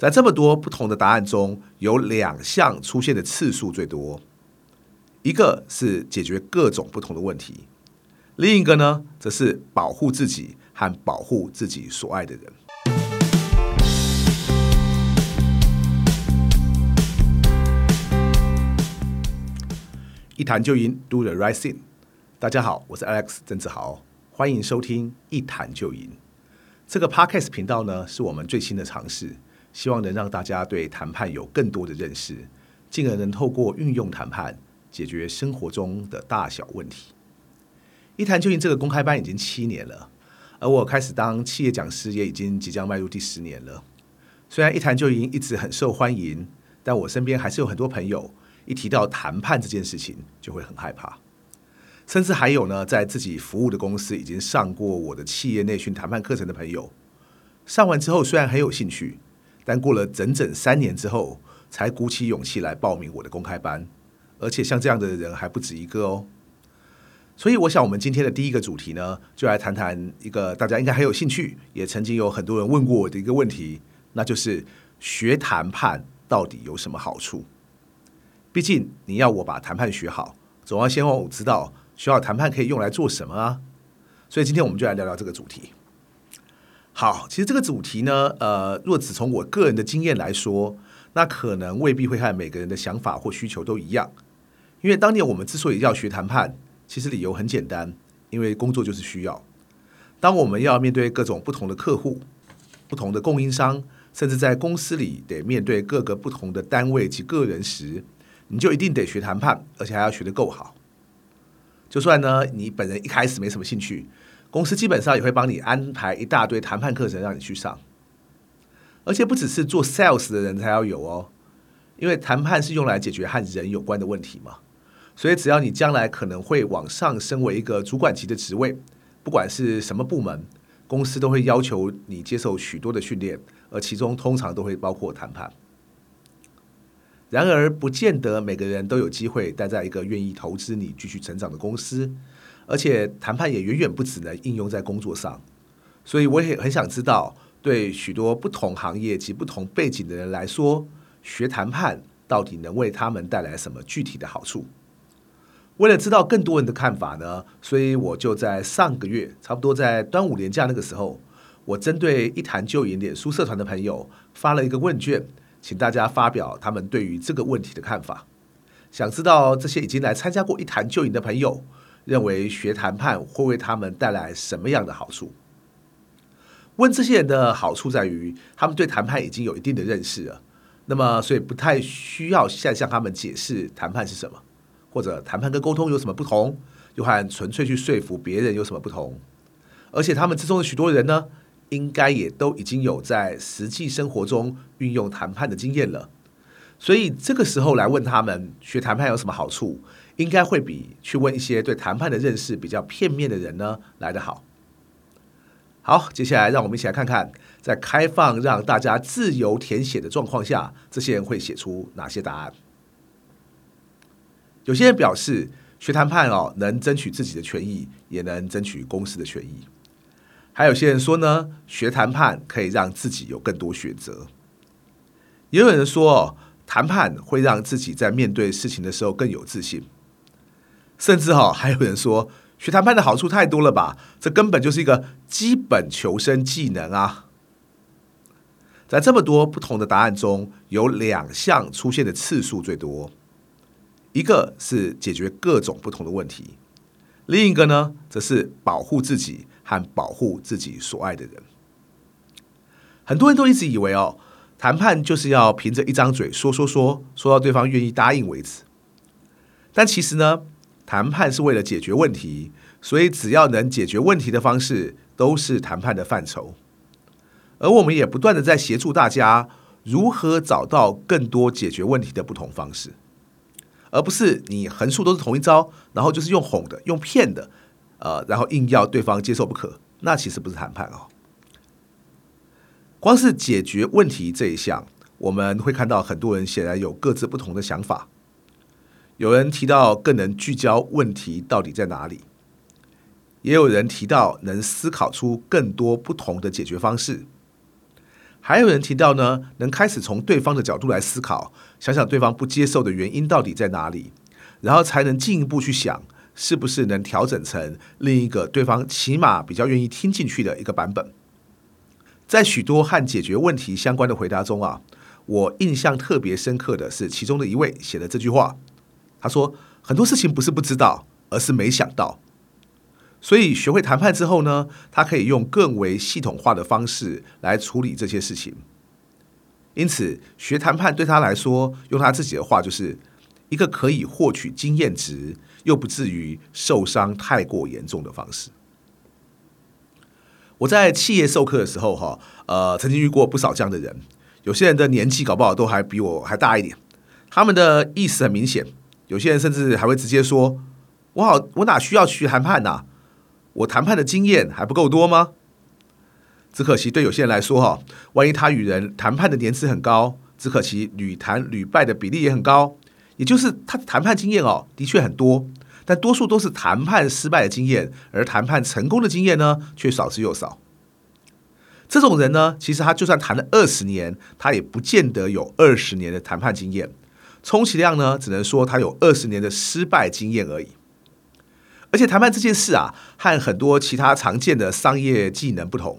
在這麼多不同的答案中，有兩項出現的次數最多，一個是解決各種不同的問題，另一個呢，則是保護自己和保護自己所愛的人。一談就贏，Do the right thing。大家好，我是 Alex 鄭志豪，歡迎收聽《一談就贏》。這個 Podcast 頻道呢，是我們最新的嘗試。希望能讓大家對談判有更多的認識，進而能透過運用談判解決生活中的大小問題。一談就贏這個公開班已經七年了，而我開始當企業講師也已經即將邁入第十年了。雖然一談就贏一直很受歡迎，但我身邊還是有很多朋友一提到談判這件事情就會很害怕，甚至還有呢，在自己服務的公司已經上過我的企業內訓談判課程的朋友，上完之後雖然很有興趣，但過了整整三年之後，才鼓起勇氣來報名我的公開班，而且像這樣的人還不止一個哦。所以，我想我們今天的第一個主題呢，就來談談一個大家應該很有興趣，也曾經有很多人問過我的一個問題，那就是學談判到底有什麼好處？畢竟你要我把談判學好，總要先讓我知道學好談判可以用來做什麼啊。所以，今天我們就來聊聊這個主題。好，其實這個主題呢，呃，若只從我個人的經驗來說，那可能未必會和每個人的想法或需求都一樣。因為當年我們之所以要學談判，其實理由很簡單，因為工作就是需要。當我們要面對各種不同的客戶、不同的供應商，甚至在公司裡得面對各個不同的單位及個人時，你就一定得學談判，而且還要學得夠好。就算呢，你本人一開始沒什麼興趣。公司基本上也會幫你安排一大堆談判課程，讓你去上，而且不只是做 sales 的人才要有哦，因為談判是用來解決和人有關的問題嘛。所以只要你將來可能會往上升為一個主管級的職位，不管是什麼部門，公司都會要求你接受許多的訓練，而其中通常都會包括談判。然而，不見得每個人都有機會待在一個願意投資你繼續成長的公司。而且談判也遠遠不只能應用在工作上，所以我也很想知道，對許多不同行業及不同背景的人來說，學談判到底能為他們帶來什麼具體的好處？為了知道更多人的看法呢，所以我就在上個月，差不多在端午連假那個時候，我針對一談就贏臉書社團的朋友發了一個問卷，請大家發表他們對於這個問題的看法。想知道這些已經來參加過一談就贏的朋友，認為學談判會為他們帶來什麼樣的好處？問這些人的好處在於，他們對談判已經有一定的認識了，那麼所以不太需要再向他們解釋談判是什麼，或者談判跟溝通有什麼不同，就和純粹去說服別人有什麼不同。而且他們之中的許多人呢，應該也都已經有在實際生活中運用談判的經驗了，所以這個時候來問他們學談判有什麼好處？應該會比去問一些對談判的認識比較片面的人呢來得好。好，接下來讓我們一起來看看，在開放讓大家自由填寫的狀況下，這些人會寫出哪些答案。有些人表示學談判哦，能爭取自己的權益，也能爭取公司的權益。還有些人說呢，學談判可以讓自己有更多選擇。也有人說哦，談判會讓自己在面對事情的時候更有自信。甚至哈、哦，還有人說學談判的好處太多了吧？這根本就是一個基本求生技能啊！在這麼多不同的答案中，有兩項出現的次數最多，一個是解決各種不同的問題，另一個呢，則是保護自己和保護自己所愛的人。很多人都一直以為哦，談判就是要憑着一張嘴說說說，說到對方願意答應為止。但其實呢？談判是為了解決問題，所以只要能解決問題的方式，都是談判的範疇。而我們也不斷的在協助大家如何找到更多解決問題的不同方式，而不是你橫豎都是同一招，然後就是用哄的、用騙的，呃，然後硬要對方接受不可，那其實不是談判哦。光是解決問題這一項，我們會看到很多人顯然有各自不同的想法。有人提到更能聚焦問題到底在哪裡，也有人提到能思考出更多不同的解決方式，還有人提到呢，能開始從對方的角度來思考，想想對方不接受的原因到底在哪裡，然後才能進一步去想，是不是能調整成另一個對方起碼比較願意聽進去的一個版本。在許多和解決問題相關的回答中啊，我印象特別深刻的是其中的一位寫了這句話。他說：“很多事情不是不知道，而是沒想到。所以學會談判之後呢，他可以用更為系統化的方式來處理這些事情。因此，學談判對他來說，用他自己的話，就是一個可以獲取經驗值，又不至於受傷太過嚴重的方式。”我在企業授課的時候，哈，呃，曾經遇過不少這樣的人。有些人的年紀搞不好都還比我還大一點。他們的意思很明顯。有些人甚至還會直接說：“我好，我哪需要去談判呢、啊？我談判的經驗還不夠多嗎？”只可惜，對有些人來說、哦，哈，萬一他與人談判的年資很高，只可惜屢談屢敗的比例也很高。也就是他的談判經驗哦，的確很多，但多數都是談判失敗的經驗，而談判成功的經驗呢，卻少之又少。這種人呢，其實他就算談了二十年，他也不見得有二十年的談判經驗。充其量呢，只能說他有二十年的失敗經驗而已。而且談判這件事啊，和很多其他常見的商業技能不同，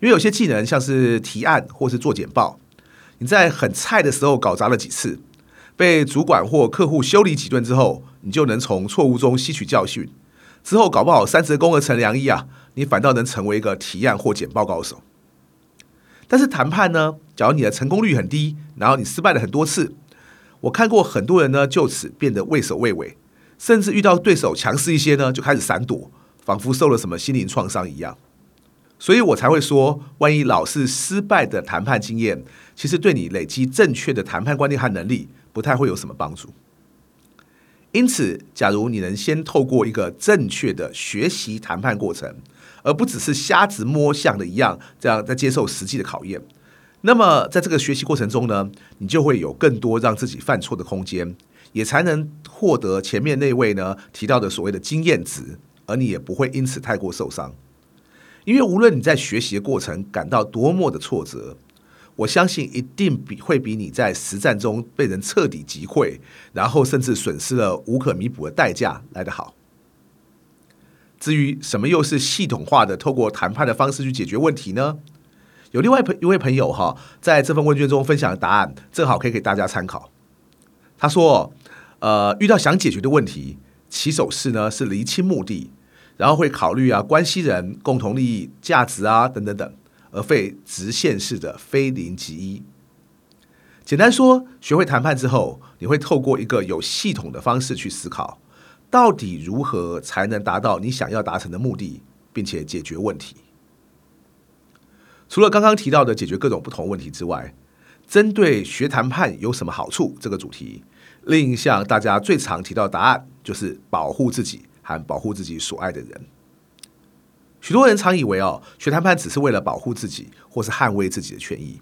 因為有些技能像是提案或是做簡報，你在很菜的時候搞砸了幾次，被主管或客戶修理幾頓之後，你就能從錯誤中吸取教訓。之後搞不好三折肱而成良醫啊，你反倒能成為一個提案或簡報高手。但是談判呢，假如你的成功率很低，然後你失敗了很多次。我看過很多人呢，就此變得畏首畏尾，甚至遇到對手強勢一些呢，就開始閃躲，仿佛受了什麼心靈創傷一樣。所以我才會說，萬一老是失敗的談判經驗，其實對你累積正確的談判觀念和能力，不太會有什麼幫助。因此，假如你能先透過一個正確的學習談判過程，而不只是瞎子摸象的一樣，這樣在接受實際的考驗。那麼，在這個學習過程中呢，你就會有更多讓自己犯錯的空間，也才能獲得前面那位呢提到的所謂的經驗值，而你也不會因此太過受傷。因為無論你在學習的過程感到多麼的挫折，我相信一定比會比你在實戰中被人徹底擊潰，然後甚至損失了無可彌補的代價來得好。至於什麼又是系統化的，透過談判的方式去解決問題呢？有另外朋一位朋友哈，在這份問卷中分享的答案，正好可以給大家參考。他說：“呃，遇到想解決的問題，起手式呢是釐清目的，然後會考慮啊關係人、共同利益、價值啊等等等，而非直線式的非零即一。簡單說，學會談判之後，你會透過一個有系統的方式去思考，到底如何才能達到你想要達成的目的，並且解決問題。”除了剛剛提到的解決各種不同問題之外，針對學談判有什麼好處這個主題，另一項大家最常提到的答案就是保護自己和保護自己所愛的人。許多人常以為哦，學談判只是為了保護自己或是捍衛自己的權益。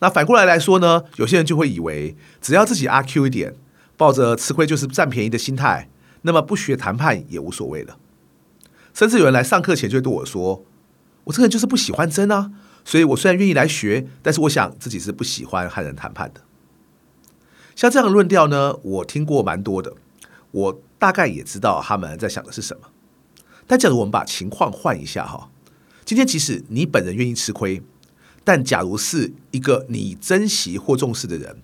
那反過來來說呢？有些人就會以為，只要自己阿 Q 一點，抱着吃虧就是占便宜的心態，那麼不學談判也無所謂了。甚至有人來上課前就對我說。我這個人就是不喜歡爭啊，所以我雖然願意來學，但是我想自己是不喜歡和人談判的。像這樣的論調呢，我聽過蠻多的，我大概也知道他們在想的是什麼。但假如我們把情況換一下哈，今天即使你本人願意吃虧，但假如是一個你珍惜或重視的人，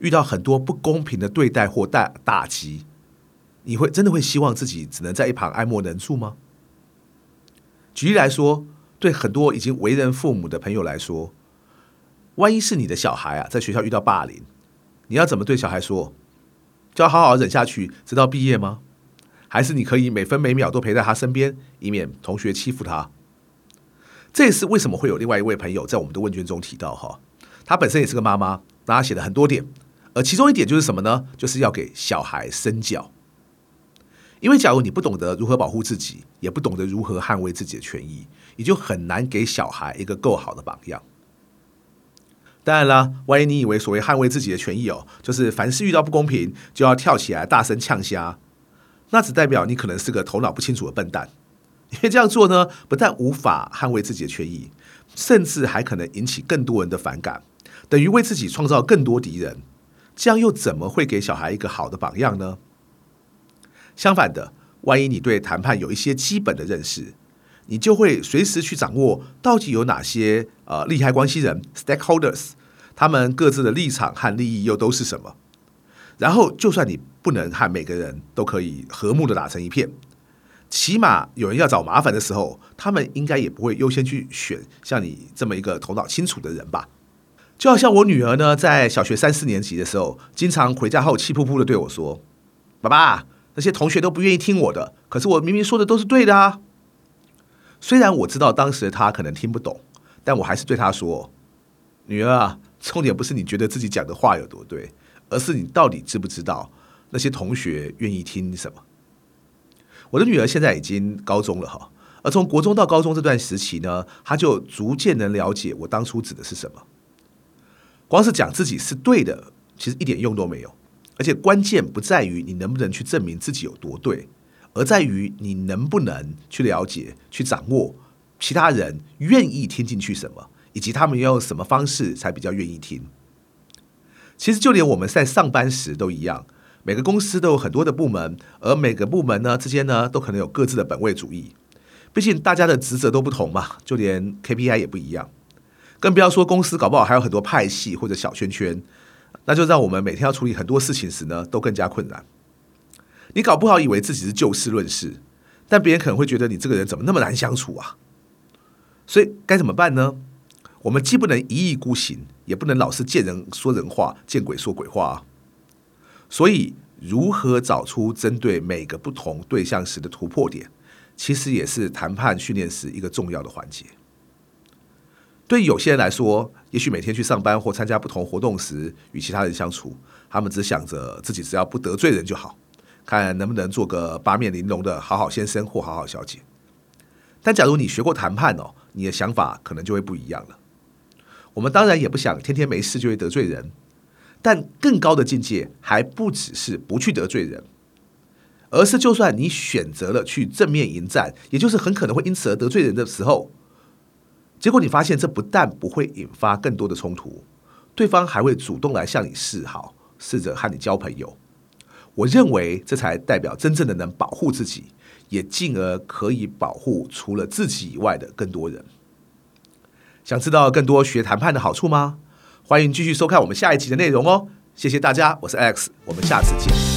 遇到很多不公平的對待或打打擊，你會真的會希望自己只能在一旁愛莫能助嗎？舉例來說。對很多已經為人父母的朋友來說，萬一是你的小孩啊，在學校遇到霸凌，你要怎麼對小孩說？就要好好忍下去，直到畢業嗎？還是你可以每分每秒都陪在他身邊，以免同學欺負他？這也是為什麼會有另外一位朋友在我們的問卷中提到哈，他本身也是個媽媽，那他寫了很多點，而其中一點就是什麼呢？就是要給小孩身教，因為假如你不懂得如何保護自己，也不懂得如何捍衛自己的權益。你就很難給小孩一個夠好的榜樣。當然啦，萬一你以為所謂捍衛自己的權益哦、喔，就是凡事遇到不公平就要跳起來大聲嗆聲，那只代表你可能是個頭腦不清楚的笨蛋。因為這樣做呢，不但無法捍衛自己的權益，甚至還可能引起更多人的反感，等於為自己創造更多敵人。這樣又怎麼會給小孩一個好的榜樣呢？相反的，萬一你對談判有一些基本的認識，你就會隨時去掌握到底有哪些呃利害關係人 （stakeholders），他們各自的立場和利益又都是什麼。然後，就算你不能和每個人都可以和睦的打成一片，起碼有人要找麻煩的時候，他們應該也不會優先去選像你這麼一個頭腦清楚的人吧？就好像我女兒呢，在小學三四年級的時候，經常回家後氣撲撲的對我說：“爸爸，那些同學都不願意聽我的，可是我明明說的都是對的啊。”雖然我知道當時的他可能聽不懂，但我還是對他說：“女兒啊，重點不是你覺得自己講的話有多對，而是你到底知不知道那些同學願意聽什麼。”我的女兒現在已經高中了哈，而從國中到高中這段時期呢，她就逐漸能了解我當初指的是什麼。光是講自己是對的，其實一點用都沒有，而且關鍵不在於你能不能去證明自己有多對。而在於你能不能去了解、去掌握其他人願意聽進去什麼，以及他們要用什麼方式才比較願意聽。其實就連我們在上班時都一樣，每個公司都有很多的部門，而每個部門呢之間呢都可能有各自的本位主義。畢竟大家的職責都不同嘛，就連 KPI 也不一樣。更不要說公司搞不好還有很多派系或者小圈圈，那就讓我們每天要處理很多事情時呢都更加困難。你搞不好以為自己是就事論事，但別人可能會覺得你這個人怎麼那麼難相處啊？所以該怎麼辦呢？我們既不能一意孤行，也不能老是見人說人話，見鬼說鬼話啊。所以，如何找出針對每個不同對象時的突破點，其實也是談判訓練時一個重要的環節。對有些人來說，也許每天去上班或參加不同活動時與其他人相處，他們只想着自己只要不得罪人就好。看能不能做個八面玲瓏的好好先生或好好小姐。但假如你學過談判哦，你的想法可能就會不一樣了。我們當然也不想天天沒事就會得罪人，但更高的境界還不只是不去得罪人，而是就算你選擇了去正面迎戰，也就是很可能會因此而得罪人的時候，結果你發現這不但不會引發更多的衝突，對方還會主動來向你示好，試着和你交朋友。我認為這才代表真正的能保護自己，也進而可以保護除了自己以外的更多人。想知道更多學談判的好處嗎？歡迎繼續收看我們下一期的內容哦！謝謝大家，我是 Alex，我們下次見。